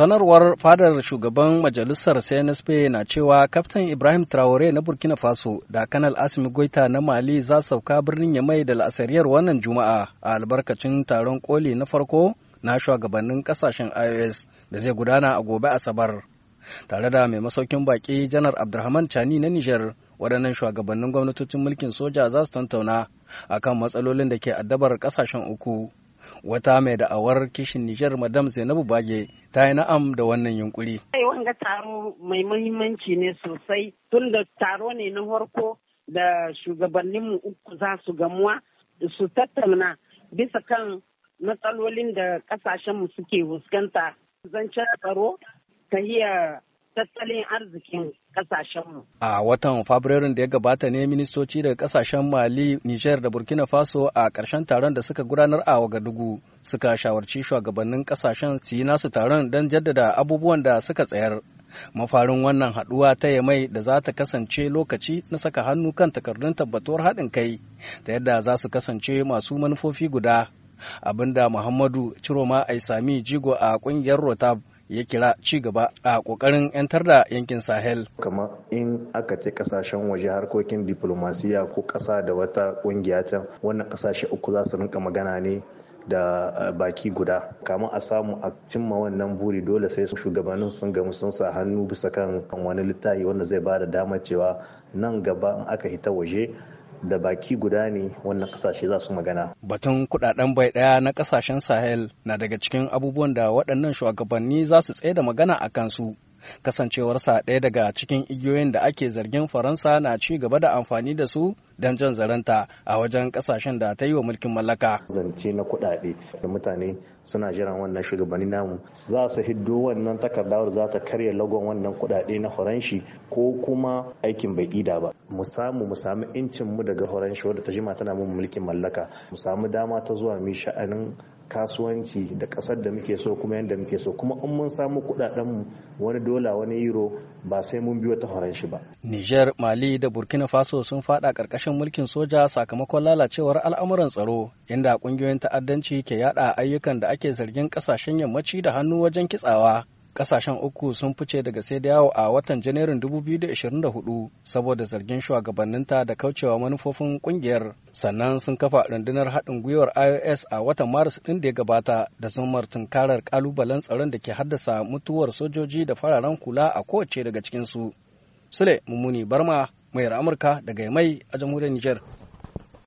Sanarwar fadar shugaban majalisar CNSP na cewa Kaftin Ibrahim Traore na Burkina Faso da Kanal Asimi Goita na Mali za sauka birnin Yamai da la'asariyar wannan Juma'a a albarkacin taron koli na farko na shugabannin kasashen IOS da zai gudana a gobe Asabar. Tare da mai masaukin baki Janar Abdurrahman Chani na niger waɗannan shugabannin gwamnatocin mulkin soja za su tantauna akan matsalolin da ke addabar kasashen uku. wata mai da'awar kishin nijar madam zainabu bage ta yi na'am da wannan yunkuri. wanga taro mai muhimmanci ne sosai tun da taro ne na farko da shugabanninmu uku za su gamuwa su tattauna bisa kan matsalolin da mu suke fuskanta zancen tsaro ta iya tattalin arzikin kasashenmu. A watan Fabrairun da ya gabata ne ministoci daga kasashen Mali, Nijar da Burkina Faso a ƙarshen taron da suka gudanar a waga Wagadugu suka shawarci shugabannin kasashen su yi nasu taron don jaddada abubuwan da suka tsayar. Mafarin wannan haɗuwa ta yamai da za ta kasance lokaci na saka hannu kan takardun tabbatuwar haɗin kai ta yadda za su kasance masu manufofi guda abinda Muhammadu Ciroma Aisami Jigo a ƙungiyar Rotab ya kira ci gaba a kokarin 'yantar da yankin sahel kamar in aka ce kasashen waje harkokin diplomasiya ko kasa da wata kungiya can wannan kasashe uku za su rinka magana ne da eh, baki guda kama a samu a cimma wannan buri dole sai shugabannin sun gamu sun sa hannu bisa kan wani littafi wanda zai ba da damar cewa nan gaba in aka hita waje da baki guda ne wannan kasashe za su magana. Batun kudaden bai daya na kasashen Sahel na daga cikin abubuwan da waɗannan shugabanni za su tsaye da magana a kansu. kasancewarsa ɗaya daga cikin igiyoyin da ake zargin faransa na ci gaba da amfani da su don jan zaranta a wajen kasashen da ta yi wa mulkin mallaka zance na kuɗaɗe da mutane suna jiran wannan shugabanni namu za su hiddo wannan takardar za ta karya lagon wannan kuɗaɗe na faranshi ko kuma aikin bai ida ba mu samu mu samu incin mu daga faranshi wadda ta jima tana mu mulkin mallaka mu samu dama ta zuwa mi sha'anin kasuwanci da kasar da muke so kuma yadda muke so kuma in mun samu kudaden wani dola wani euro ba sai mun biyo ta horon shi ba. Niger, Mali da Burkina Faso sun fada karkashin mulkin soja sakamakon lalacewar al'amuran tsaro inda kungiyoyin ta'addanci ke yada ayyukan da ake zargin kasashen yammaci da hannu wajen kitsawa. Ƙasashen uku sun fice daga sai dawo a watan Janairun 2024 saboda zargin shugabanninta da kaucewa manufofin ƙungiyar sannan sun kafa rundunar haɗin gwiwar IOS a watan Maris ɗin da ya gabata da zumar tunkarar kalubalen tsaron da ke haddasa mutuwar sojoji da fararen kula a kowace daga cikinsu. Sule Mummuni Barma, mayar Amurka daga mai a jamhuriyar Nijar.